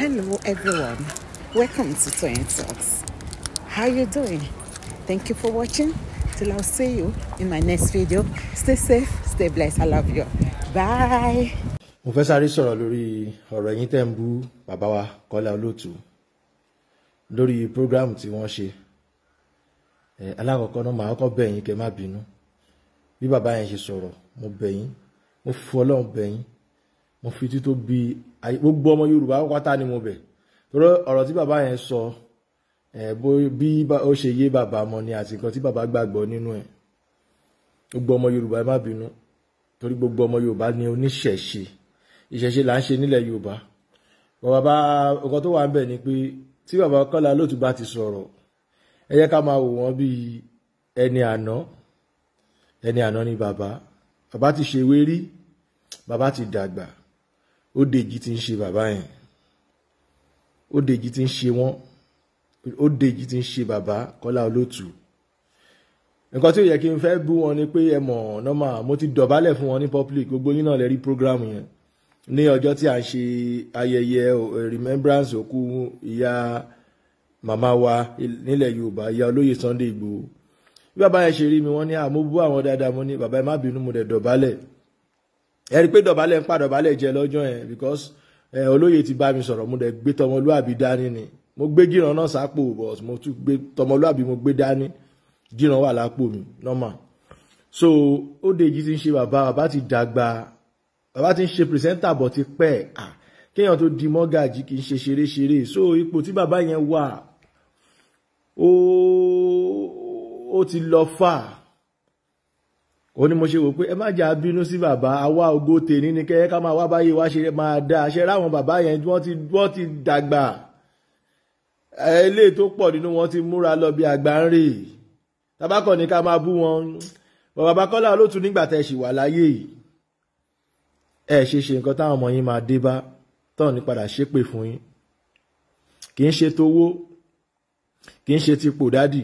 Hello everyone. Welcome to Toyeen Talks. How you doing? Thank you for watching. Till I'll see you in my next video. Stay safe, stay blessed. I love you. Bye. Mo fẹ́ sáré sọ̀rọ̀ lórí ọ̀rọ̀ ẹ̀yin tẹ́ ń bú bàbá wa Kọ́lá Olóòtú lórí program tí wọ́n ṣe. Alákọ̀ọ́kọ́ náà màá kọ́ bẹ̀ yín kẹ́ má bínú. Bí bàbá yẹn ṣe sọ̀rọ̀, mo bẹ̀ mo fọ́ Ọlọ́run bẹ̀ mo fi tító bi gbogbo ọmọ Yorùbá pátá ni mo bẹ̀ torí ọ̀rọ̀ tí bàbá yẹn sọ bí ó ṣe yé bàbá mọ ni àti nǹkan tí bàbá gbàgbọ́ nínú ẹ̀ gbogbo ọmọ Yorùbá má bínú torí gbogbo ọmọ Yorùbá ni oníṣẹ̀ṣe ìṣẹ̀ṣe là ń ṣe nílẹ̀ Yorùbá bàbá nǹkan tó wà ń bẹ̀ ni pé tí bàbá Kọ́lá Lótú bá ti sọ̀rọ̀ ẹ jẹ́ ká máa wò wọ́n bíi ẹni àná ẹni àná ni bàbá bàbá ti ṣe wérí bàbá ti dàgbà ó dèjì ti ń ṣe bàbá yẹn ó dèjì ti ń ṣe wọ́n ó dèjì ti ń ṣe bàbá Kọ́lá Olótù nǹkan tí ó yẹ kí n fẹ́ bú wọn ni pé ẹ mọ̀ nọ́mà mo ti dọ̀bálẹ̀ fún wọn ní public gbogbo yín náà lè rí program yẹn ní ọjọ́ tí a ń ṣe ayẹyẹ remembrance òkú ìyá màmá wa nílẹ̀ Yorùbá ìyá olóyè Sunday Igboho bí bàbá yẹn ṣe rí mi wọ́n ní àmúbú àwọn dáadáa mo ní bàbá yẹn má bínú mo dẹ̀ dọ̀bálẹ̀ ẹ rí i pé dọ̀bálẹ̀ ń pa dọ̀bálẹ̀ jẹ lọ́jọ́ yẹn because olóye ti bá mi sọ̀rọ̀ mo dẹ̀ gbé tọmọlúàbí dání ni mo gbé gíràn náà sápò but mo tún gbé tọmọlúàbí mo gbé dání gíràn wà lápò mi normal so ó dèjì ti ń ṣe bàbá bàbá ti dàgbà bàbá ti ń ṣe pìrìsẹ́ńtà bọ̀ ti pẹ́ à kéèyàn tó di mọ́gàjì kì í ṣe ṣeréṣeré so ipò tí bàbá yẹn wà ó ó ti lọ fà ó ní mo ṣe wò pé ẹ má jà bínú sí bàbá àwa ògo tèmi ni kẹ́ ká máa wá báyé wá ṣe máa dá àṣẹ ráwọn bàbá yẹn wọ́n ti wọ́n ti dàgbà eléyìí tó pọ̀ nínú wọn ti múra lọ bí àgbà ń rè tabakọ̀ ni ká máa bú wọn bàbá kọ́lá olóòtú nígbà tẹ̀ ṣì wà láyé yìí ṣe ṣe nǹkan táwọn ọmọ yín máa dé bá tọ́ọ̀ ní padà ṣépè fún yín kì í ṣe tówó kì í ṣe tipò dádì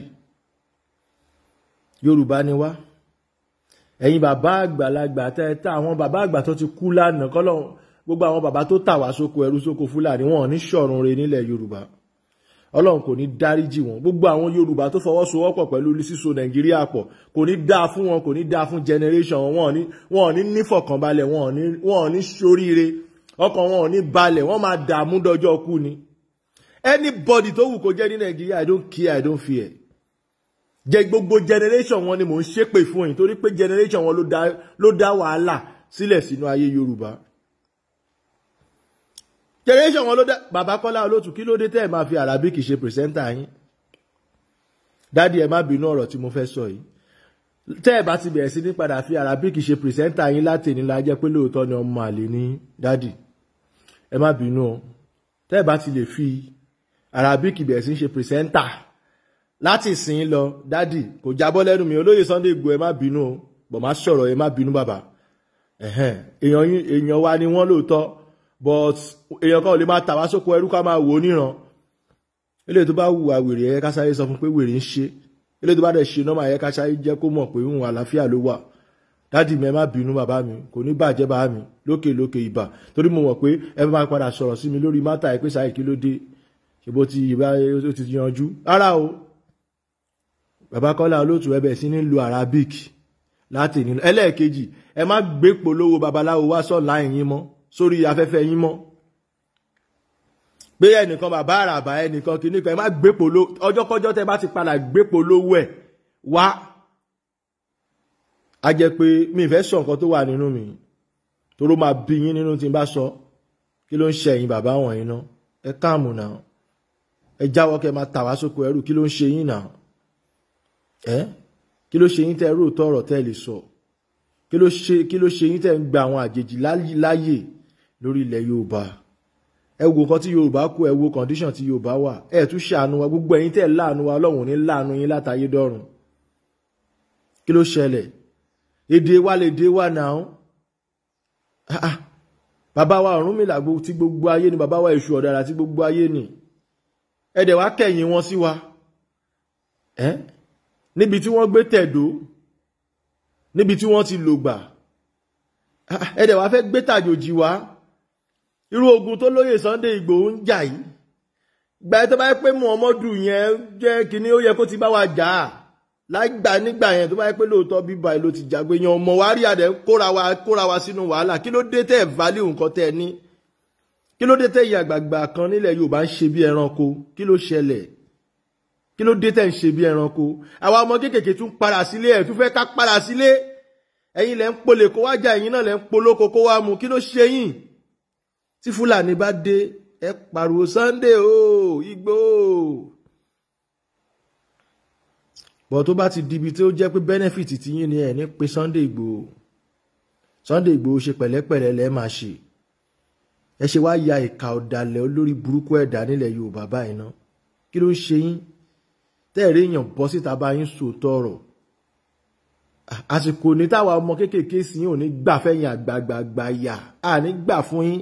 Yorùbá ni wá ẹ̀yin bàbá àgbàlagbà tẹ́tà àwọn bàbá àgbà tó ti kú lánàá kọ́lọ́ gbogbo àwọn bàbá tó tà wá sóko ẹrú sóko fúlàní wọn ní ṣọ̀run re nílẹ̀ yorùbá ọlọ́run kò ní dáríjì wọn gbogbo àwọn yorùbá tó fọwọ́sowọ́pọ̀ pẹ̀lú síso nàìjíríà pọ̀ kò ní dáa fún wọn kò ní dáa fún generation wọn wọn ní nífọ̀kànbalẹ̀ wọn ní ṣoríire ọkàn wọn ní balẹ̀ wọn máa dààmú dọjọ́ kú ni anybody tó wù kó jẹ́ ní nàìjíríà i don't care i don't fear jẹ gbogbo generation wọn ni mò ń ṣépè fún yín torí pé generation wọn ló dá wàhálà sílẹ̀ sínú ayé Yorùbá generation wọn ló dá bàbá Kọ́lá Olótù kí ló dé tẹ́ ẹ̀ máa fi Arabic ṣe pìrìsẹ́ńtà yín dádì ẹ má bínú ọ̀rọ̀ tí mo fẹ́ sọ yìí tẹ́ ẹ̀ bá ti bẹ̀rẹ̀ sí ní padà fi Arabic ṣe pìrìsẹ́ńtà yín láti ènìyàn la jẹ́ pé lóòótọ́ ni ọmọ àlè ní dádì ẹ má bínú ọ tẹ́ ẹ̀ bá ti lè fi Arabic bẹ̀rẹ̀ sí ní ṣe pìrìsẹ́ńtà láti ìsìn lọ dádì kò jábọ́ lẹ́nu mi olóyè Sunday Igboho ẹ má bínú o bọ̀ má sọ̀rọ̀ ẹ má bínú bàbá èèyàn wa ni wọ́n lóòótọ́ but èèyàn kan ò lè máa tà wá sóko ẹrú ká máa wò ó níran eléyìí tó bá wù wá wèrè ẹ̀yẹ ká sáré sọ fún pé wèrè ń ṣe eléyìí tó bá dẹ̀ ṣe nọ́mà ẹ̀yẹ ká sáré jẹ́ kó mọ̀ pé òun àlàáfíà ló wà dádì mi ẹ má bínú bàbá mi kò ní bàjẹ́ bàbá mi lókè lókè ìbà torí mo mọ̀ pé ẹ máa padà sọ̀rọ̀ sí mi lórí mátà ẹ pé sáré kí ló dé ṣe bó ti ìbá ó ti yanjú rárá o bàbá Kọ́lá Olóòtú ẹbẹ̀ sí ní lu Arabic láti nílò ẹlẹ́ẹ̀kejì ẹ má gbé polówó babaláwo wá sọ́ọ̀lá yín mọ́ sórí afẹ́fẹ́ yín mọ́ pé ẹnìkan bàbá àràbà ẹnìkan kìíní kan ẹ má gbé polówó ọjọ́kọ́jọ́ tẹ bá ti padà gbé polówó ẹ̀ wá a jẹ pé mi ìfẹ́ sọ nǹkan tó wà nínú mi toró máa bí yín nínú tí n bá sọ kí ló ń ṣe ẹ̀yin bàbá wọ̀nyí náà ẹ káàmù náà ẹ jáwọ́ kẹ́ máa tà wá sóko ẹrú kí ló ń ṣe yín náà ẹ kí ló ṣe yín tẹ́ róòtọ́ ọ̀rọ̀ tẹ́ lè sọ kí ló ṣe kí ló ṣe yín tẹ́ ń gba àwọn àjèjì láàyè lórí ilẹ̀ Yorùbá ẹ wo kan tí Yorùbá kú ẹ wo condition tí Yorùbá wà ẹ tún ṣàánú wa gbogbo ẹ̀yin tẹ́ láàánú wa Ọlọ́run ní láàánú yín látayé dọ́run kí ló ṣẹlẹ̀ èdè wa lè dé wa náà ah ah bàbá wa Ọ̀rúnmìlà tí gbogbo ayé ni bàbá wa Èṣù Ọ̀dàrà tí gbogbo ayé ni ẹ̀dẹ̀ wa kẹ̀yìn wọn sí wa níbi tí wọ́n gbé tẹ̀dó níbi tí wọ́n ti lògbà ẹ̀dẹ̀ wá fẹ́ gbé tàjòjì wá irú ogun tó lóye Sunday Ìgbòho ń jà yìí gbà tó bá yẹ pé Muhammadu yẹn jẹ́ kínní ó yẹ kó ti bá wa jà á láìgbà nígbà yẹn tó bá yẹ pé lóòótọ́ bíbá ẹ̀ ló ti jàgbé yan ọmọ wa rí adẹ kóra wa kóra wa sínú wàhálà kí ló dé tẹ́ ẹ̀ value nǹkan tẹ́ ẹ ní kí ló dé tẹ́ ìyàgbàgbà kan nílẹ̀ Yorùbá ń ṣe bí ẹranko kí ló ṣẹlẹ̀ kí ló dé tẹ̀ ń ṣe bí ẹranko àwa ọmọ kéékèèké tún padà sílé ẹ̀ tún fẹ́ ká padà sílé ẹ̀yin lẹ́ ń polè kó wá jà ẹ̀yin náà lẹ́ ń polóko kó wá mu kí ló ṣe yín tí fúlàní bá dé ẹ pariwo Sunday o igbó bọ̀ tó bá ti dibi tí ó jẹ́ pé benefit ti yín ni ẹ̀ ní pé Sunday Igboho Sunday Igboho ṣe pẹ̀lẹ́pẹ̀lẹ́ lẹ́ẹ̀ máa ṣe ẹ ṣe wá ya ìka ọ̀dàlẹ̀ olórí burúkú ẹ̀dá nílẹ̀ Yorùbá báyìí ná kí ló ń ṣe yín tẹ́ẹ̀rí èèyàn bọ́ síta bá yín sòótọ́ ọ̀rọ̀ àsìkò ní táwa ọmọ kéékèèké sí yín ò ní gbà fẹ́yìn àgbààgbà yà á ní gbà fún yín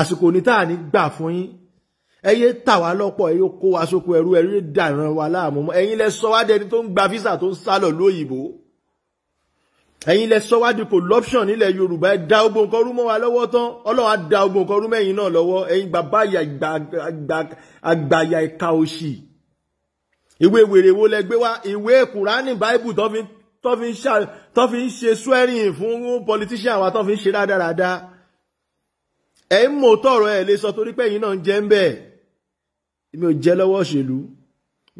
àsìkò ní táà ní gbà fún yín ẹyẹ tàwa lọ́pọ̀ ẹyẹ kó wa sóko ẹrú ẹrú dàrán wa láàmú mọ́ lẹ sọ wá dẹni tó ń gba físà tó ń sá lọ lóyìnbó ẹ̀yin lẹ sọ wá di corruption nílẹ̀ Yorùbá ẹ da ogun nǹkan rú mọ́ wa lọ́wọ́ tán Ọlọ́run á da ogun nǹkan rú mẹ́yìn náà lọ́wọ́ ẹ̀yin bàbá àgbàyà ìka òṣì ìwé wèrè wo lẹ gbé wá ìwé kùránì báìbù tó fi ń ṣe swearing fún politician wa tó fi ń ṣe rádaràda ẹ ń mọ tọrọ ẹ lè sọ torí pé ẹ̀yin náà ń jẹ ń bẹ mi ò jẹ lọ́wọ́ òṣèlú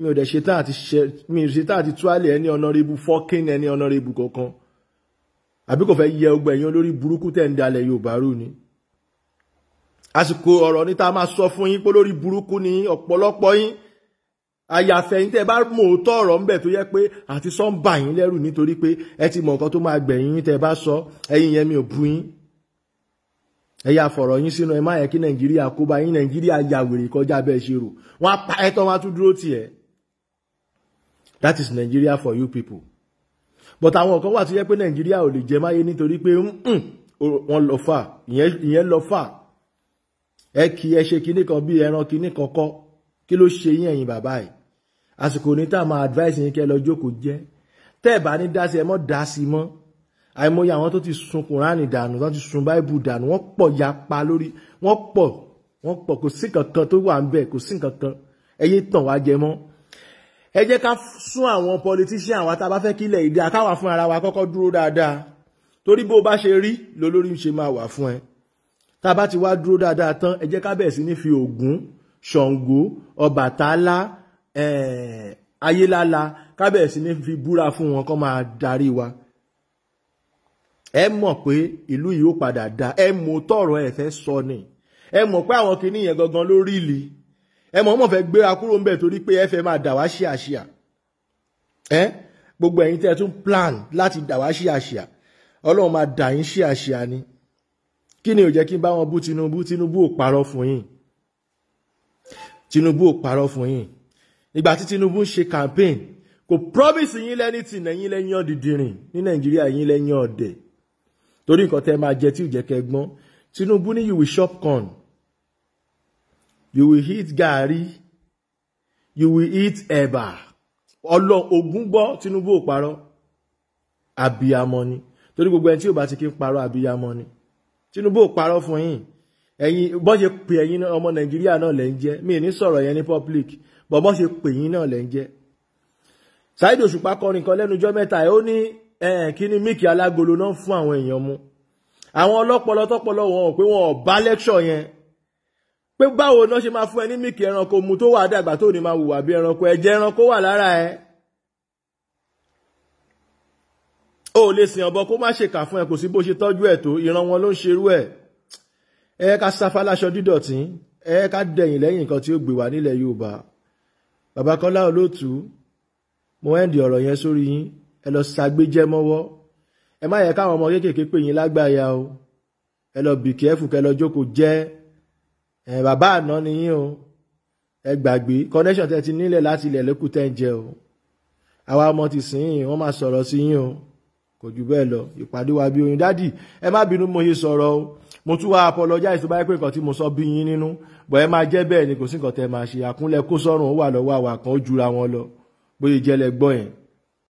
mi ò dẹ̀ ṣetán àti ṣe mi ò ṣetán àti túwálẹ̀ ẹni ọ̀nàrẹ́bù fọ́kín ẹni ọ̀nàrẹ́bù kankan àbí kò fẹ́ yẹ ọgbà ẹ̀yin olórí burúkú tẹ̀ ń dalẹ̀ Yorùbá rú ni àsìkò ọ̀rọ̀ níta máa sọ fún yín pé olórí burúkú ni ọ̀pọ̀lọpọ̀ yín àyàfẹ̀yìn tẹ́ bá mọ̀ òótọ́ ọ̀rọ̀ ńbẹ̀ tó yẹ pé àti sọ ń bà yín lẹ́rù nítorí pé ẹ ti mọ̀ nǹkan tó máa gbẹ̀yìn tẹ́ bá sọ ẹ̀yin yẹn mi ò bu yín ẹ yà fọ̀rọ̀ yín sínú ẹ má yẹ kí nàìjíríà kó bá yín nàìjíríà ya wèrè kọjá bẹ́ẹ̀ ṣe rò wọ́n á pa ẹ́ tán wọ́n tún dúró tiẹ̀ that is Nigeria for you people but àwọn kan wà tó yẹ pé nàìjíríà ò lè jẹ máyé nítorí pé wọ́n lọ fà ìyẹn lọ fà ẹ kì í ẹ ṣe kinní kan bí ẹran kinní kan kí ló ṣe yín ẹ̀yin bàbá yìí àsìkò ní tá a máa advice yín kẹ́ lọ jókòó jẹ́ tẹ́ ẹ̀ bá ní dá sí ẹ mọ́ dá sí mọ́ àìmọye àwọn tó ti sun kùránì dànù tó ti sun báìbù dànù wọ́n pọ̀ yapa lórí wọ́n pọ̀ wọ́n pọ̀ kò sí kankan tó wà ń bẹ̀ kò sí kankan ẹyẹ tàn wá jẹ mọ́ ẹ jẹ́ ká sún àwọn politician wa tá a bá fẹ́ kílẹ̀ ìdí àkáwà fún ara wa kọ́kọ́ dúró dáadáa torí bó o bá ṣe rí lolórí ṣe máa wà fún ẹ tá a bá ti wá dúró dáadáa tán ẹ jẹ́ ká bẹ̀ sí ní fi Ògún Ṣàngó Ọbàtálá Eh, ayélálá kábẹ̀sí ní fi búra fún wọn kó máa darí wa ẹ mọ̀ pé ìlú yìí ó padà da ẹ mọ̀ tọrọ ẹ fẹ́ sọ ni ẹ mọ̀ pé àwọn kìíní yẹn gangan ló rí li ẹ mọ̀ mọ̀ fẹ́ gbéra kúrò ń bẹ̀ torí pé ẹ fẹ́ máa dà wá ṣíàṣíà ẹ gbogbo ẹ̀yin tẹ́ ẹ tún plan láti dà wá ṣíàṣíà ọlọ́run máa dà yín ṣíàṣíà ni kí ni ò jẹ́ kí n bá wọn bú Tinubu Tinubu ò parọ́ fún yín Tinubu ò parọ́ fún yín ìgbà tí Tinubu ń ṣe campaign kò promise yín lẹ́nìtì ẹ̀yin lẹ́yìn ọ̀dìdìrìn ní Nàìjíríà yín lẹ́yìn ọ̀dẹ̀ torí nǹkan tẹ́ máa jẹ tí ò jẹ́ kẹ́ gbọ́n Tinubu ní you will chop corn you will eat garri you will eat eba. ọlọ́run ogun gbọ́ Tinubu ò parọ́ abiyamọ ni torí gbogbo ẹni tí ò bá ti kí ń parọ́ abiyamọ ni Tinubu ò parọ́ fún yín ẹ̀yin bọ́ ṣe pè ẹ̀yin ọmọ nàìjíríà náà lẹ́ ń jẹ́ mi ní sọ̀rọ̀ yẹn ní public bọ́ bọ́ ṣe pè yín náà lẹ́ ń jẹ́. Saheed Òṣùpá kọrin kan lẹ́nujọ́ mẹ́ta ẹ̀ ó ní kíní míìkì alágolo náà fún àwọn èèyàn mu àwọn ọlọ́pọlọ tọ́pọlọ wọn pé wọn ò bá lẹ́kṣọ̀ yẹn pé báwo náà ṣe máa fún ẹ ní míìkì ẹranko mu tó wà dàgbà tó ní máa hùwà bí ẹranko ẹ̀ ẹ ká sáfá láṣọ dídọ̀tí ẹ ká dẹ̀yìn lẹ́yìn nǹkan tí ó gbé wá nílẹ̀ Yorùbá bàbá Kọ́lá Olóòtú mo ẹ́ǹdì ọ̀rọ̀ yẹn sórí yín ẹ lọ ṣàgbéjẹ́ mọ́wọ́ ẹ má yẹ káwọn ọmọ kéékèèké pè yín lágbàáyà o ẹ lọ bì kẹ́fù kẹ lọ jókòó jẹ́ ẹ bàbá àná ni yín o ẹ gbàgbé connection tẹ ti nílẹ̀ láti ilẹ̀ lókù tẹ́ ń jẹ o àwa ọmọ ti sìn yín wọ́n máa sọ̀rọ̀ sí yín o kò jù bẹ́ẹ̀ lọ ìpàdé wa bí oyin dádì ẹ má bínú mo yí sọ̀rọ̀ o mo tún wá apologize tó bá yẹ pé nǹkan tí mo sọ bí yín nínú bọ̀ ẹ máa jẹ́ bẹ́ẹ̀ ni kò sí nǹkan tẹ́ máa ṣe àkúnlẹ̀ kó sọ́run ó wà lọ́wọ́ àwọn kan ó jura wọn lọ bóyá ìjẹ́lẹ̀ gbọ́ yẹn